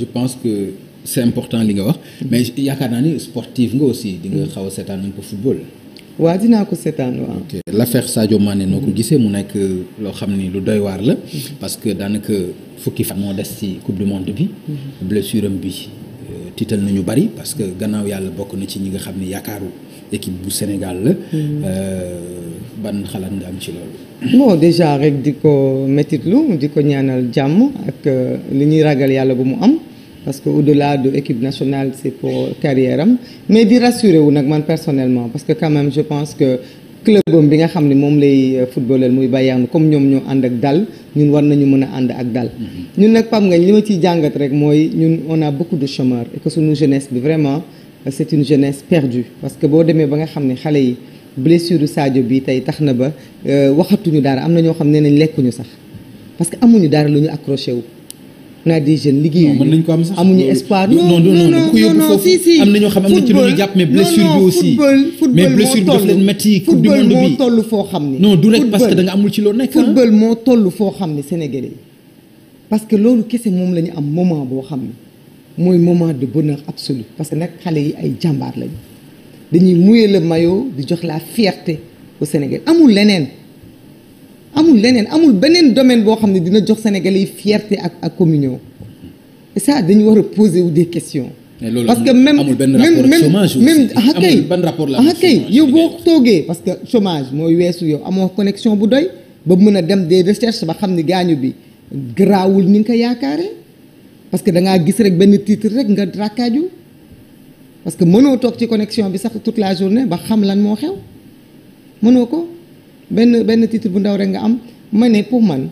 je pense que c'est important li nga wax mais yaakaar naa ni sportive nga aussi di nga xaw a seetaan un peu football waaw dinaa ko seetaan waaw ok l'affaire Sadio ne noo ko gisee mu nekk loo xam ni lu doy waar la parce que daanaka fukki fan moo des ci coupe du monde bi blessure am bi euh, tiital nañu bari parce que gannaaw yàlla bokk na ci ñi nga xam ne yaakaaru équipe bu Sénégal la hmm. euh, ban xalaat nga am ci loolu bon déjà rek di ko métitlu di ko ñaanal jàmm ak euh, ñuy ragal yàlla bu mu am parce que au-delà de équipe nationale c'est pour carrière am mais di rassurer wu nag man personnellement parce que quand même je pense que clubam bi nga xam ne moom lay euh, footballeur muy Bayern comme ñoom ñoo ànd ak dal ñun war nañu mën a ànd ak dal mm-hmm. ñu nag pam nga li ma ciy jàngat rek mooy ñun on a beaucoup de chômeurs et que suñu jeunesse bi vraiment euh, c'est une jeunesse perdue parce que boo demee ba nga xam ni xale yi blessure Sadio bi tey tax na ba euh, waxatuñu dara am na ñoo xam ne nañ lekkuñu sax parce que amuñu dara lu ñu wu naa des jeunes liggéey mën nañ ko am sax amuñu espoir non non non ku yóbbu foofu am na ñoo xam am na ci loolu jàpp mais blessure bi aussi mais blessure bi daf leen métti coupe du monde bi moo toll foo xam ne non du rek parce que da nga amul ci loolu nekk ah. football moo toll foo xam ne Sénégalais parce que loolu kese moom la ñu am moment boo xam ne mooy moment de bonheur absolu parce que nag xale yi ay jàmbaar lañu dañuy mouiller le maillot di jox la fierté au Sénégal amul leneen amul leneen amul beneen domaine boo xam ne dina jox Sénégalais yi fierté ak ak communion et dañu war a poser wu des questions. parce que même amul benn rapport ak chômage même akay ah, akay ah, yow boo toogee parce que chômage mooy weesu yow amoo connexion bu doy ba mën a dem de recherches ba xam ne gaañu bi garaawul ni nga ko yaakaaree parce que da ngaa gis rek benn titre rek nga rakkaaju parce que mënoo toog ci connexion bi sax toute la journée ba xam lan moo xew mënoo ko. benn benn titre bu ndaw rek nga am ma ne pour man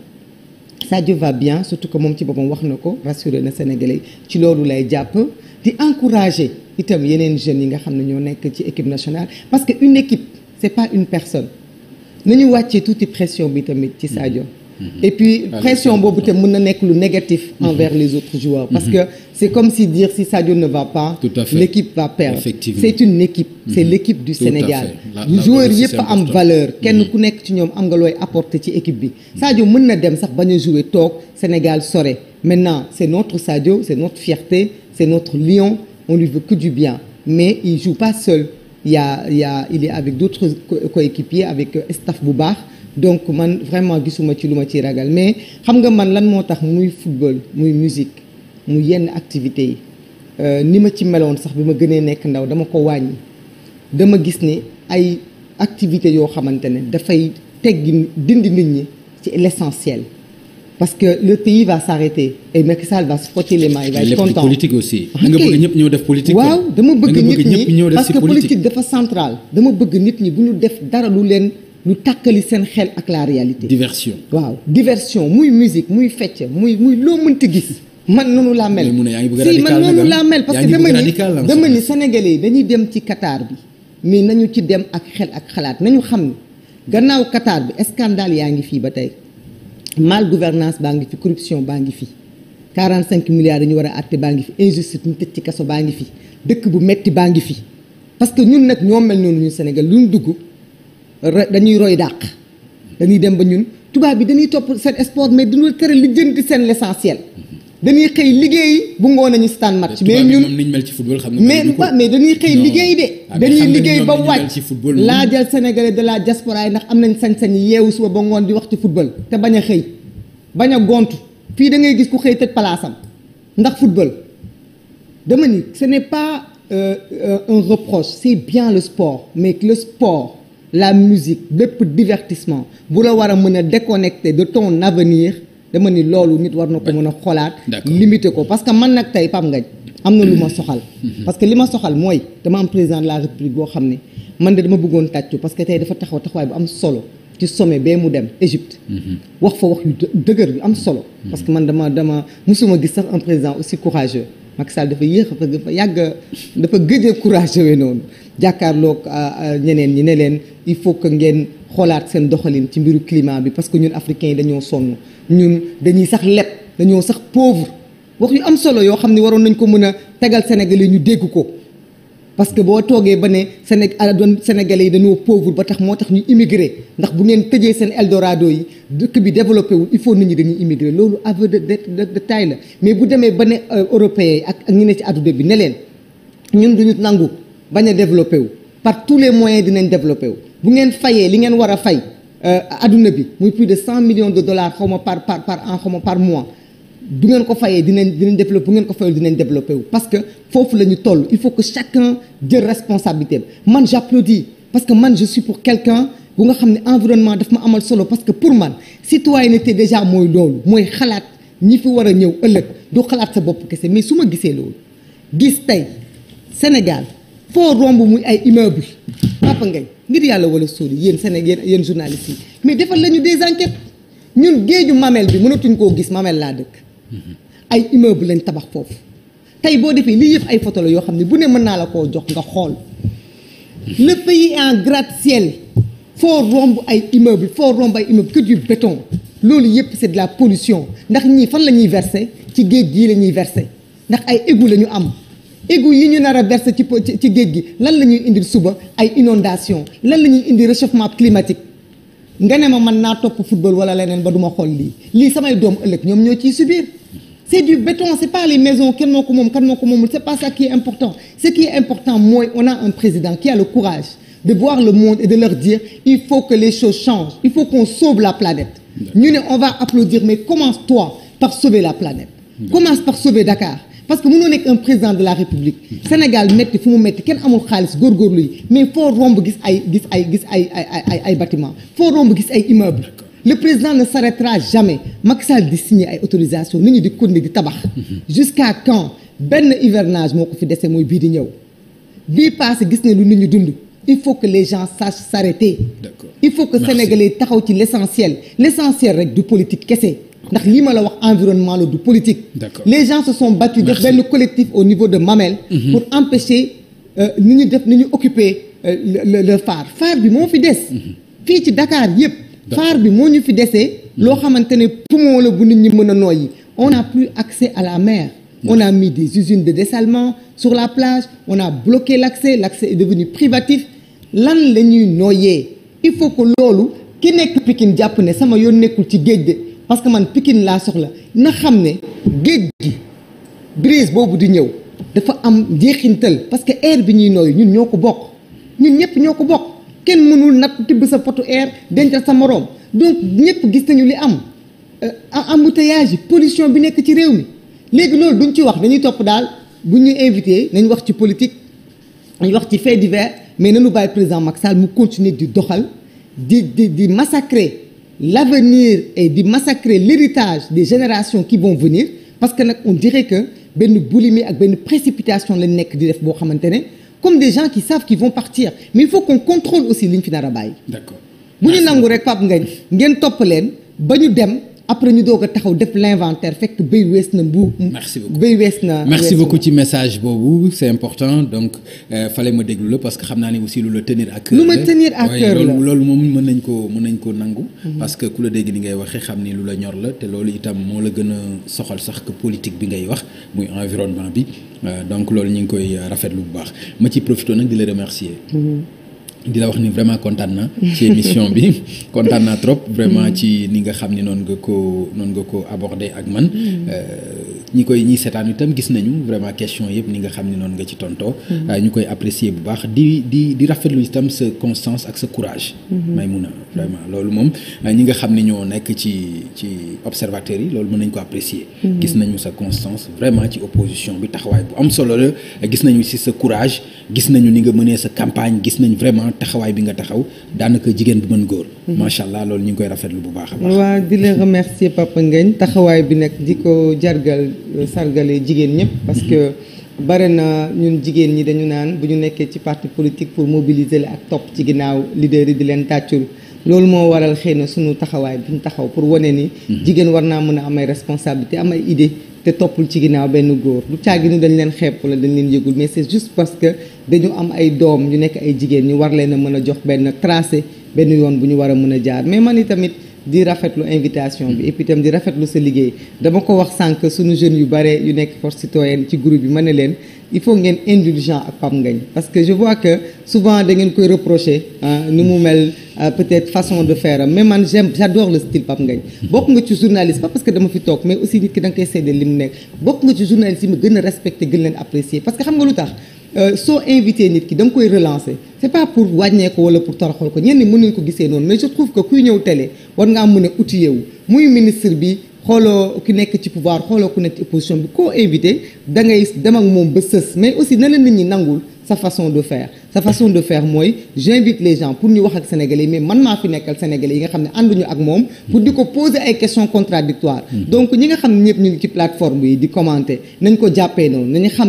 Sadio va bien surtout que moom ci boppam wax na ko rassuré na Sénégalais ci loolu lay jàpp di encourager itam yeneen jeunes yi nga xam ne ñoo nekk ci équipe nationale parce que une équipe c'est pas une personne ñu wàccee tuuti pression bi tamit ci Sadio. Mhm. et puis pression boobu tam mën na nekk lu négatif mhm. envers les autres joueurs mhm. parce que c'est comme si dire si Sadio ne va pas l'équipe va perdre c'est une équipe c'est l'équipe du Sénégal joueurs yëpp am valeur kenn ku nekk ci ñoom am nga looy apporter ci équipe bi Sadio mën na dem sax ba a jouer toog Sénégal sore maintenant c'est notre Sadio c'est notre fierté c'est notre lion on lui veut que du bien mais il joue pas seul ya y a il y a il est avec d'autres coéquipiers bu euh, baax donc man vraiment gisuma ci lu ma ciy ragal mais xam nga man lan moo tax muy football muy musique mu yenn activités yi euh, ni ma ci meloon sax bi ma gënee nekk ndaw dama ko wàññi dama gis ni ay activité yoo xamante ne dafay teggi dindi nit ñi ci l'essentiel parce que le pays va s'arrêter et Macky Sall va se frotter les mains il content politique nga bëgg ñëpp ñëw def politique waaw dama bëgg nit ñi parce que politique dafa centrale dama bëgg nit ñi bu ñu def dara lu leen ñu tàkkali seen xel ak la réalité. diversion waaw diversion muy musique muy fecc muy muy loo mënti gis. man noonu laa mel si man noonu laa mel ah? parce que dama ni dama ni sénégalais yi dañuy dem ci Qatar bi mais nañu ci dem ak xel ak xalaat nañu xam ne gannaaw Qatar bi scandale yaa ngi fii ba tey mal gouvernance baa ngi fi corruption baa ngi fi 45 milliards dañu war a àtte baa ngi fi injustice ñu tëj ci kaso baa ngi fi dëkk bu metti baa ngi fi parce que ñun nag ñoo mel noonu ñun Sénégal lu ñu dugg dañuy roy dàq dañuy dem ba ñun tubaab bi dañuy topp seen sport mais duñu tere lijjanti seen l'essentiel dañuy xëy liggéey bu ngoon nañu stan match mais ñun mais mais dañuy xëy liggéey de ah, dañuy liggéey ba wàcc laajal sénégalais de la diaspora yi ndax am nañ sañ-sañ yeewu suba ba ngoon di wax ci football te bañ a xëy bañ a gont fii da ngay gis ku xëy tëj palaasam ndax football dama ni ce n'est pas euh, euh, un reproche c'est bien le sport mais que le sport la musique bépp divertissement bu la war a mën a déconnecter de ton avenir dama ni loolu nit war na ko mën a xoolaat limiter ko parce que man nag tey Pape Ngagne am na lu ma soxal parce que li ma soxal mooy dama am président la république boo xam ne man de dama bëggoon tàccu parce que tey dafa taxaw taxawaay bu am solo ci sommet bee mu dem Égypte mm-hmm. wax fa wax yu dëgër yu am solo mm-hmm. parce que man dama dama musuma gis sax un président aussi courageux Macky Sall dafa yéex a dafa yàgg dafa gëj a courage we noonu jàkkaarloog ah, ah, ñeneen ñi ne leen il faut que ngeen xoolaat seen doxalin ci mbiru climat bi parce que ñun africains yi dañoo sonn ñun dañuy sax leb dañoo sax pauvre wax yu am solo yoo xam ne waroon nañ ko mën a tegal Sénégalais ñu dégg ko parce que boo toogee ba ne Séné ah, doon Sénégalais yi dañoo pauvre ba tax moo tax ñu immigré ndax bu ngeen tëjee seen Eldorado yi dëkk bi développé wul il faut nit ñi dañuy immigré loolu aveu de de taille la mais bu demee ba ne euh, européens yi ak ak ne ci adduna bi ne leen ñun duñu nangu bañ a développé wu par tout les moyens dinañ développé wu bu ngeen fayee li ngeen war a fay adduna euh, bi muy plus de cent millions de dollars xaw ma par par par an xaw par mois du ngeen ko fayee dinañ dinañ développé bu ngeen ko fayul dinañ développé wu parce que foofu la ñu toll il faut que chacun jël responsabilité man j'applaudis parce que man je suis pour quelqu'un bu nga xam ne environnement daf ma amal solo parce que pour man citoyenneté déjà mooy loolu mooy xalaat ñi fi war a ñëw ëllëg du xalaat sa bopp kese mais su ma gisee loolu gis tey Sénégal foo romb muy ay immeuble Papa Ngagne ngir yàlla wala sóori yéen Sénégal yéen journalistes yi mais defal lañu des enquêtes ñun géeju mamel bi mënatuñ koo gis mamel laa dëkk ay immeuble lañ tabax foofu tey boo defee lii yëpp ay photo la yoo xam ne bu ne mën naa la koo jox nga xool le pays en gratte-ciel foo romb ay immeuble foo romb ay immeuble que du béton loolu yëpp c'est la pollution ndax ñii fan la ñuy verser ci géej gii lañuy ñuy ndax ay égout la ñu am égout yi ñu nar a verser ci ci géej gi lan la ñuy indil suba ay inondation lan la ñuy indi réchauffement climatique nga ne ma mën naa topp football wala leneen ba duma xool lii lii samay doom ëllëg ñoom ñoo ciy subir c'est du béton c'est pas les maisons kenn moo ko moom kan moo ko moomul c'est pas ça qui est important ce qui est important mooy on a un président qui a le courage de voir le monde et de leur dire il faut que les choses changent il faut qu'on sauve la planète ñu ne on va applaudir mais commence toi par sauver la planète commence par sauver Dakar parce que mënoo nekk un président de la République Sénégal metti fu mu metti kenn amul xaalis góorgóorlu yi mais foo romb gis ay gis ay gis ay ay ay ay bâtiment gis ay immeuble le président ne s'arrêtera jamais Macky Sall di signé ay autorisation nit ñu di continuer di tabax jusqu'à quand benn hivernage moo ko fi dese mooy bii di ñëw bii passé gis ne lu nit ñi dund il faut que les gens sachent s'arrêter il faut que sénégalais taxaw ci l'essentiel l'essentiel rek du politique kese ndax lii ma la wax environnement la du politique les gens se sont battus def benn collectif au niveau de Mamel mhm. pour empêcher euh, ni ñu def ni ñu occuper euh, le phare phare bi moo fi des mhm. fii ci Dakar yëpp phare bi moo ñu fi desee mhm. loo xamante ne poumon la bu nit ñi mën a noyyi on n'a plus accès à la mer mhm. on a mis des usines de dessalement sur la plage on a bloqué l'accès l'accès est devenu privatif lan la ñuy noyyee il faut que loolu ki nekk Pikine jàpp ne sama yoon nekkul ci géej de parce que man pikin laa soxla na xam ne géej gi brise boobu di ñëw dafa am njeexintal parce que air bi ñuy nooyu ñun ñoo ko bokk ñun ñëpp ñoo ko bokk kenn mënul nat tibb sa potu air dencal sa moroom donc ñëpp gis nañu li am euh, embouteillage yi polition bi nekk ci réew mi léegi loolu duñ ci wax dañuy topp daal bu ñu invité nañ wax ci politique nañ wax ci fait divers mais nañu bàyyi président mag Sall mu continuer di doxal di di di massacrer l'avenir et di massacrer l'héritage des génération qui vont venir parce que nag on dirait que benn boulimie ak benn précipitation lañ nekk di def boo xamante ne comme des gens qui savent qu'ils vont partir mais il faut qu'on contrôle aussi li ñu fi nar a bàyyi. d'accord bu ñu nangu rek Pape Ngagne ngeen topp leen ba ñu dem. après ñu doog a taxaw def l'inventaire fekk béy wees na mbu. merci beaucoup béy wees na. merci beaucoup ci message boobu c'est important donc euh, fallait ma déglu la parce que xam naa ni aussi lu la tenir à cœur. lu ma tenir à cœur la loolu moom mën nañ ko mën nañ ko nangu. Mhm. parce que ku la dégg ni ngay waxee xam ni lu la ñor la te loolu itam moo la gën a soxal sax que politique bi ngay wax muy environnement bi euh, donc loolu ñu ngi koy rafetlu bu baax ma ci profité nag di la remercier. Mhm. di wax ni vraiment kontaan na ci émission bi kontaan naa trop vraiment ci ni nga xam ni noon nga ko noon nga ko abordé ak man. Mm. Euh, ñi koy ñi seetaan itam gis nañu vraiment question yëpp ni nga xam ne noonu nga ci tontoo mm-hmm. ah, ñu koy apprécier bu baax di di di rafetlu itam sa constance ak sa courage mm-hmm. Maïmouna mm-hmm. vraiment loolu moom ah, ñi nga xam ne ñoo nekk ci ci observateurs yi loolu mën nañ ko apprécier gis nañu sa constance vraiment ci opposition bi taxawaay bu am solo la gis nañu si sa courage gis nañu ni nga mënee sa campagne gis nañ vraiment taxawaay bi nga taxaw daanaka jigéen bu mën góor macha allah loolu ñu ngi koy rafetlu bu baax a baax waaw bi nag di ko Euh, sargalee jigéen ñëpp parce que bare na ñun jigéen ñi dañu naan bu ñu nekkee ci parti politique pour mobiliser la ak topp ci ginnaaw leader yi di leen tàccul loolu moo waral xëy na suñu taxawaay bi ñu taxaw pour wane ni hmm. jigéen war naa mën a am ay responsabilité am ay idée te toppul ci ginnaaw benn góor lu du caaginu dañ leen xeeb wala dañ leen yëgul mais c'est juste parce que dañu am ay doom ñu nekk ay jigéen ñu war leen a mën a jox benn tracé benn yoon bu ñu war a mën a jaar di rafetlu invitation bi et puis itam di rafetlu sa liggéey dama ko wax sànq suñu jeunes yu bare yu nekk force citoyenne ci groupe bi ma ne leen il faut ngeen indulgent ak Pape Ngagne parce que je vois que souvent da ngeen koy reprocher nu mu mel euh, peut-être façon de faire mais man j'aime j'adore le style Pape Ngagne bokk nga ci journaliste pas dama fi toog mais aussi nit ki da koy seede li mu nekk bokk nga ci journaliste yi ma gën a respecté gën leen apprécier parce que xam nga lu tax Euh, soo invité nit ki da koy relancé c'est pas pour wàññee ko wala pour toroxal ko ñenn mën nañ ko gisee noonu mais je trouve que kuy ñëw télé war ngaa mën a outillé wu muy ministre bi xooloo ki nekk ci pouvoir xooloo ku nekk ci opposition bi koo invité da ngay dem ak moom ba sës mais aussi na la nit ñi nangul sa façon de faire sa façon de faire mooy j'invite les gens pour ñu wax ak sénégalais mais man maa fi nekkal sénégalais yi nga xam ne ànduñu ak moom pour di ko poser ay questions contradictoires mm-hmm. donc ñi nga xam ne ñëpp ñu ngi ci plateforme yi di commenter nañ ko jàppee noonu nañu ko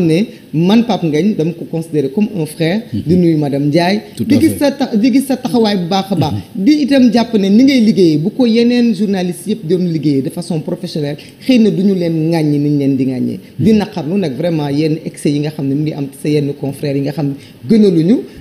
mm-hmm. sa ta di gis baax a baax mm-hmm. di itam jàpp ne ni ngay liggéeyee bu ko yeneen journalistes yëpp doon liggéeyee de façon professionnelle xëy na du ñu leen ŋàññi niñ leen di ŋàññee di naqarlu nag vraiment yenn excès yi nga xam ne mu ngi am sa yenn confrères yi nga xam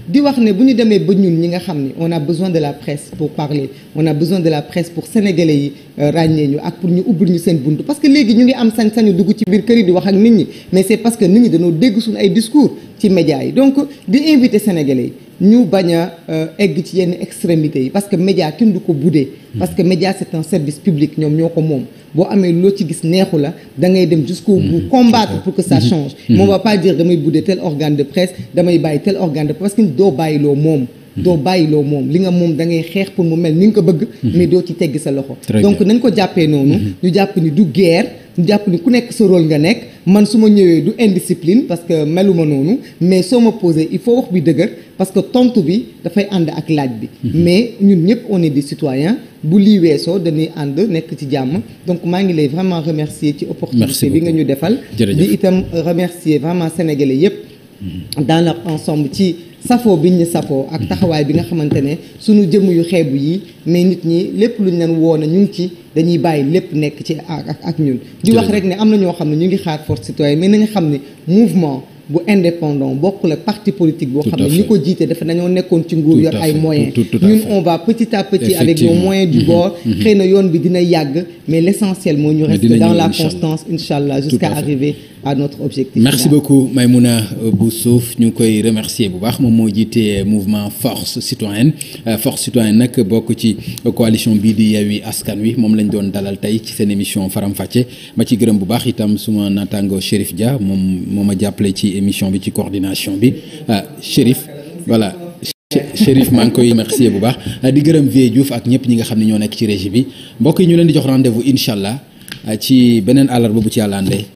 di wax ne bu ñu demee ba ñun ñi nga xam ne on a besoin de la presse pour parler on a besoin de la presse pour sénégalais yi euh, ràññee ñu ak pour ñu ubbil ñu seen bunt parce que léegi ñu ngi am sañ-sañu dugg ci biir kër yi di wax ak nit ñi mais c'est parce que nit ñi dañoo dégg suñu ay discours ci média yi donc di invité sénégalais yi ñu bañ a euh, egg ci yenn extrémité yi parce que média kenn du ko buddee parce que média c'est un service public ñoom ñoo ko moom boo amee loo ci gis neexu la dangay dem jusqu'au mm-hmm. bout combattre pour que ça mm-hmm. change moom mm-hmm. va pas dire damay buddee tel organe de presse damay bàyyi tel organe de presse parce que doo bàyyiloo moom doo bàyyi moom li nga moom da ngay xeex pour mu mel ni nga ko bëgg mais doo ci tegg sa loxo donc nañ ko jàppee noonu ñu jàpp ni du guerre jàpp ni ku nekk sa rôle nga nekk man su ma ñëwee du indiscipline parce que meluma noonu mais soo ma posé il faut wax bi dëgër parce que tontu bi dafay ànd ak laaj bi. Mhm. mais ñun ñëpp on est des citoyens bu lii weesoo dañuy ànd nekk ci jàmm donc maa ngi lay vraiment remercier ci opportunité bi nga ñu defal. di itam remercier vraiment sénégalais yëpp. Mhm. dans ensemble ci. safoo biñ ñu safoo ak taxawaay bi nga xamante ne suñu jëmm yu xeeb yi ne nit ñi lépp luñ leen woon ñu ngi ci dañuy bàyyi lépp nekk ci ak ak ñun di wax rek ne am na ñoo xam ne ñu ngi xaar force citoyenne mais nañu xam ne mouvement bu indépendant bokkul ak parti politique boo xam ne ñu ko jiite dafa nañoo nekkoon ci nguur yor ay moyens ñun on va petit à petit avec nos moyens du mm-hmm. bord mm-hmm. xëy na yoon bi dina yàgg mais l' essentiel moo ñu reste dans la constance incha allah jusqu'à arriver à notre objectif. merci là. beaucoup Maïmouna euh, Boussouf ñu ngi koy remercier bu baax moom moo jiitee euh, mouvement force citoyenne euh, force citoyenne nag bokk ci coalition bii di Yewwi Askan Wi moom lañ doon dalal tey ci seen émission faramfàcce ma ci gërëm bu baax itam suma naataango Chérif Dia moom moom ma jàppale ci émission bi ci coordination bi Chérif voilà. Chérif maa ngi koy remercier bu baax di gërëm Vieux Diouf ak ñëpp ñi nga xam ne ñoo nekk ci régie bi mbokk yi ñu leen di jox rendez-vous allah ci beneen àllarba bu ci yàlla